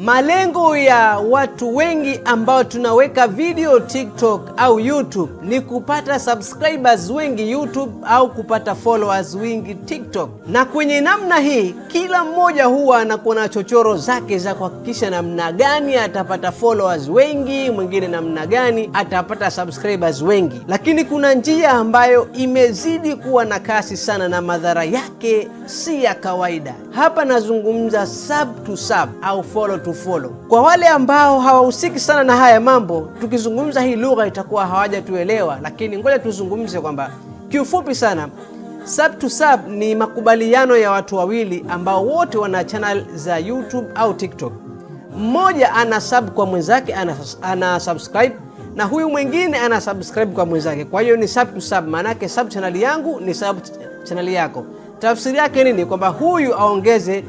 Malengo ya watu wengi ambao tunaweka video TikTok au YouTube ni kupata subscribers wengi YouTube au kupata followers wengi TikTok. Na kwenye namna hii, kila mmoja huwa anakuwa na chochoro zake za kuhakikisha namna gani atapata followers wengi, mwingine namna gani atapata subscribers wengi. Lakini kuna njia ambayo imezidi kuwa na kasi sana na madhara yake si ya kawaida. Hapa nazungumza sub to sub au follow to kutufollow. Kwa wale ambao hawahusiki sana na haya mambo, tukizungumza hii lugha itakuwa hawajatuelewa, lakini ngoja tuzungumze kwamba kiufupi sana Sub to sub ni makubaliano ya watu wawili ambao wote wana channel za YouTube au TikTok. Mmoja ana sub kwa mwenzake ana, subscribe na huyu mwingine ana subscribe kwa mwenzake. Kwa hiyo ni sub to sub, maana sub channel yangu ni sub channel yako. Tafsiri yake nini? Kwamba huyu aongeze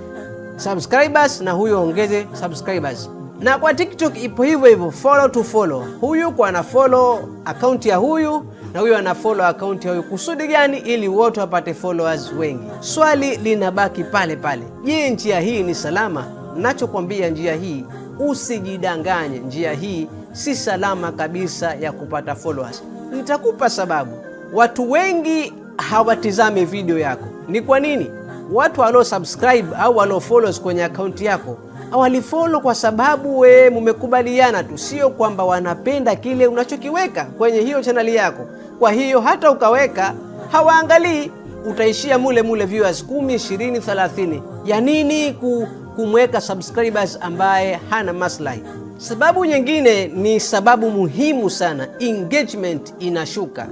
subscribers na huyu ongeze subscribers. Na kwa TikTok ipo hivyo hivyo, follow to follow. Huyu kwa ana follow akaunti ya huyu na huyu ana follow akaunti ya huyu. Kusudi gani? Ili wote wapate followers wengi. Swali linabaki pale pale, je, njia hii ni salama? Nachokwambia njia hii usijidanganye, njia hii si salama kabisa ya kupata followers. Nitakupa sababu. Watu wengi hawatizami video yako, ni kwa nini? watu walio subscribe au walio follows kwenye akaunti yako awalifolo kwa sababu we mumekubaliana tu, sio kwamba wanapenda kile unachokiweka kwenye hiyo chaneli yako. Kwa hiyo hata ukaweka hawaangalii, utaishia mule mule viewers kumi, 20, 30. Ya nini kumweka subscribers ambaye hana maslahi? Sababu nyingine ni sababu muhimu sana, engagement inashuka.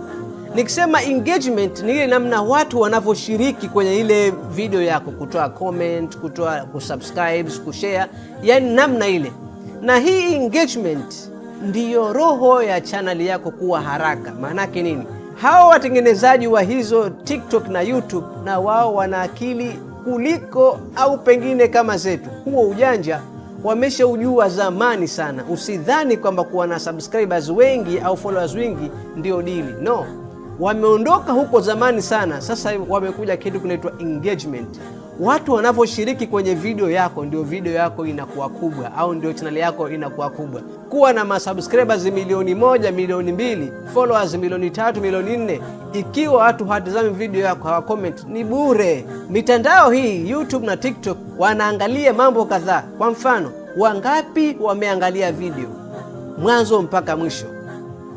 Nikisema engagement ni ile namna watu wanavyoshiriki kwenye ile video yako, kutoa comment, kutoa kusubscribe, kushare, yani namna ile. Na hii engagement ndiyo roho ya chaneli yako kuwa haraka. Maanake nini? Hao watengenezaji wa hizo TikTok na YouTube na wao wana akili kuliko au pengine kama zetu. Huo ujanja wameshaujua zamani sana. Usidhani kwamba kuwa na subscribers wengi au followers wengi ndio dili, no wameondoka huko zamani sana, sasa wamekuja kitu kinaitwa engagement. Watu wanavyoshiriki kwenye video yako ndio video yako inakuwa kubwa, au ndio channel yako inakuwa kubwa. Kuwa na masubscribers milioni moja, milioni mbili, followers milioni tatu, milioni nne, ikiwa watu hawatazami video yako, hawacomment, ni bure. Mitandao hii YouTube na TikTok wanaangalia mambo kadhaa. Kwa mfano, wangapi wameangalia video mwanzo mpaka mwisho,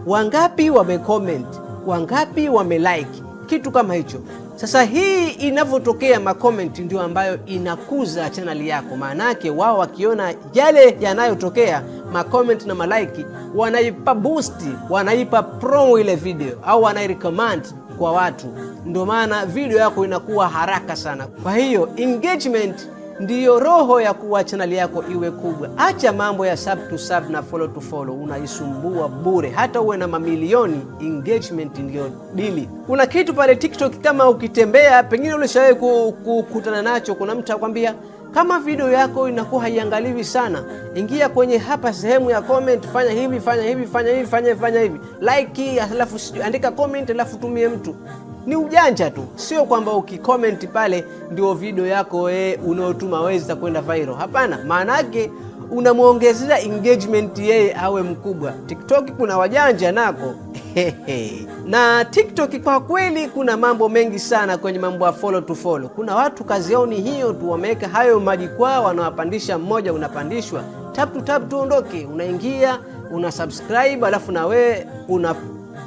wangapi wamecomment wangapi wamelike, kitu kama hicho. Sasa hii inavyotokea makomenti ndio ambayo inakuza chaneli yako, maanake wao wakiona yale yanayotokea makomenti na malaiki, wanaipa bst wanaipa promo ile video au wanairecommend kwa watu, ndio maana video yako inakuwa haraka sana. Kwa hiyo engagement ndiyo roho ya kuwa chaneli yako iwe kubwa. Acha mambo ya sub to sub na follow to follow, unaisumbua bure. Hata uwe na mamilioni, engagement ndiyo dili. Kuna kitu pale TikTok, kama ukitembea, pengine ulishawahi kukutana nacho. Kuna mtu akwambia kama video yako inakuwa haiangaliwi sana, ingia kwenye hapa sehemu ya comment, fanya hivi, fanya hivi, fanya hivi, fanya hivi, fanya hivi, like, alafu andika comment, alafu tumie mtu ni ujanja tu, sio kwamba ukikomenti pale ndio video yako e, unaotuma weza kwenda viral. Hapana, maana yake unamwongezea engagement yeye awe mkubwa. TikTok kuna wajanja nako na TikTok kwa kweli kuna mambo mengi sana kwenye mambo ya follow to follow. Kuna watu kazi yao ni hiyo tu, wameweka hayo majukwaa, wanawapandisha mmoja, unapandishwa tap to tap, tuondoke, unaingia una subscribe, alafu na wewe una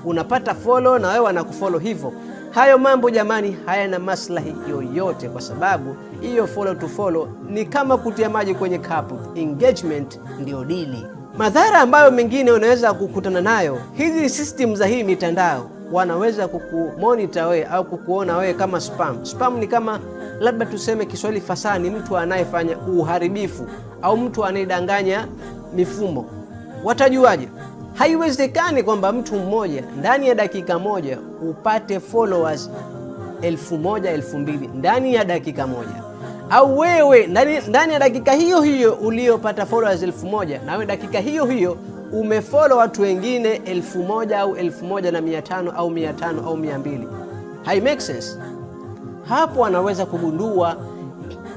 unapata follow na wewe wanakufollow hivyo. Hayo mambo jamani, hayana maslahi yoyote, kwa sababu hiyo follow to follow ni kama kutia maji kwenye kapu. Engagement ndio dili. Madhara ambayo mengine unaweza kukutana nayo, hizi system za hii mitandao wanaweza kukumonita wewe au kukuona wewe kama spam. Spam ni kama labda tuseme Kiswahili fasaha, ni mtu anayefanya uharibifu au mtu anayedanganya mifumo. Watajuaje? Haiwezekani kwamba mtu mmoja ndani ya dakika moja upate followers elfu moja elfu mbili ndani ya dakika moja, au wewe ndani, ndani ya dakika hiyo hiyo uliopata followers elfu moja nawe dakika hiyo hiyo umefollow watu wengine elfu moja au elfu moja na mia tano au mia tano au mia mbili hai make sense. Hapo anaweza kugundua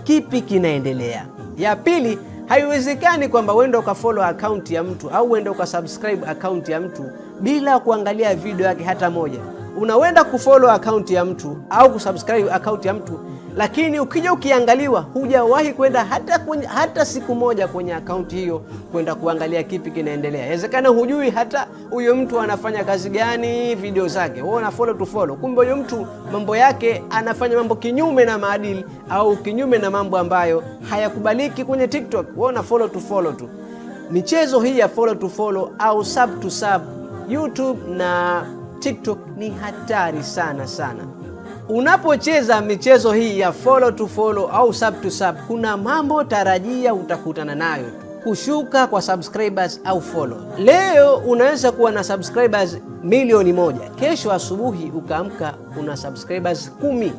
kipi kinaendelea. Ya pili Haiwezekani kwamba uende ukafollow akaunti ya mtu au uende ukasubscribe akaunti ya mtu bila kuangalia video yake hata moja. Unawenda kufollow akaunti ya mtu au kusubscribe akaunti ya mtu, lakini ukija ukiangaliwa, hujawahi kwenda hata, hata siku moja kwenye akaunti hiyo kwenda kuangalia kipi kinaendelea. Inawezekana hujui hata huyo mtu anafanya kazi gani, video zake wewe una follow to follow. Kumbe huyo mtu mambo yake anafanya mambo kinyume na maadili au kinyume na mambo ambayo hayakubaliki kwenye TikTok, wewe una follow to follow tu. Michezo hii ya follow to follow au sub to sub YouTube na TikTok ni hatari sana sana. Unapocheza michezo hii ya follow to follow au sub to sub, kuna mambo tarajia utakutana nayo tu kushuka kwa subscribers au follow. Leo unaweza kuwa na subscribers milioni moja, kesho asubuhi ukaamka una subscribers kumi.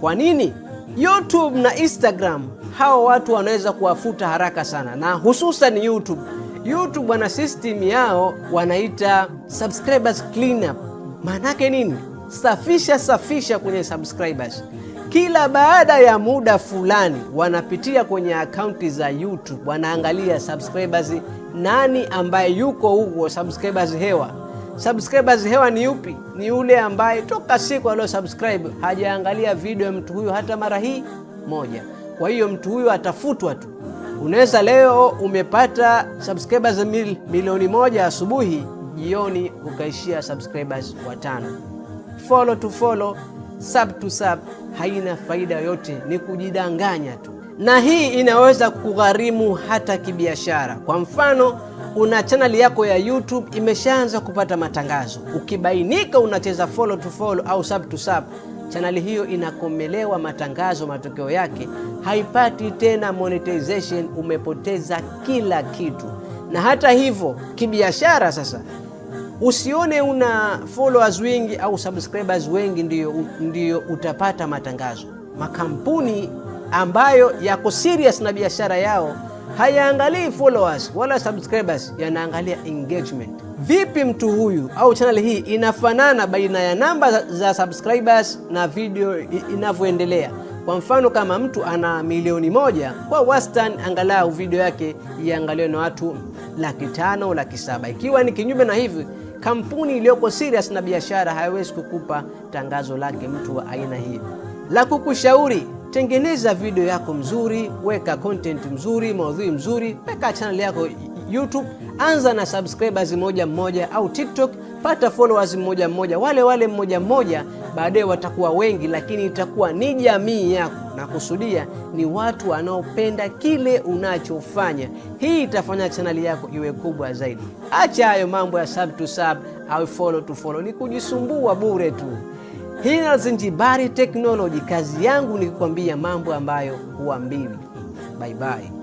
Kwa nini? YouTube na Instagram hawa watu wanaweza kuwafuta haraka sana, na hususan YouTube. YouTube wana system yao wanaita subscribers cleanup. Maanake nini? Safisha safisha kwenye subscribers kila baada ya muda fulani wanapitia kwenye akaunti za YouTube, wanaangalia subscribers, nani ambaye yuko huko subscribers hewa. Subscribers hewa ni yupi? Ni yule ambaye toka siku alio subscribe hajaangalia video ya mtu huyo hata mara hii moja. Kwa hiyo mtu huyo atafutwa tu. Unaweza leo umepata subscribers mil, milioni moja asubuhi, jioni ukaishia subscribers watano. Follow to follow sub to sub haina faida yoyote, ni kujidanganya tu, na hii inaweza kugharimu hata kibiashara. Kwa mfano, una chaneli yako ya YouTube imeshaanza kupata matangazo, ukibainika unacheza follow to follow au sub to sub, chaneli hiyo inakomelewa matangazo. Matokeo yake haipati tena monetization, umepoteza kila kitu. Na hata hivyo kibiashara sasa Usione una followers wengi au subscribers wengi ndio ndio utapata matangazo. Makampuni ambayo yako serious na biashara yao hayaangalii followers wala subscribers, yanaangalia engagement. Vipi mtu huyu au channel hii inafanana baina ya namba za subscribers na video inavyoendelea. Kwa mfano kama mtu ana milioni moja kwa wastani, angalau video yake iangaliwe na watu laki tano, laki saba. Ikiwa ni kinyume na hivi Kampuni iliyoko serious na biashara haiwezi kukupa tangazo lake mtu wa aina hii. La kukushauri, tengeneza video yako mzuri, weka content mzuri, maudhui mzuri, weka channel yako YouTube, anza na subscribers moja mmoja, au TikTok pata followers mmoja mmoja, wale wale mmoja mmoja baadaye watakuwa wengi, lakini itakuwa ni jamii yako. Nakusudia ni watu wanaopenda kile unachofanya. Hii itafanya chaneli yako iwe kubwa zaidi. Acha hayo mambo ya sub to sub au follow to follow, ni kujisumbua bure tu. Hii nazinjibari Alzenjbary Technology, kazi yangu ni kukwambia mambo ambayo huambiwi. Bye bye.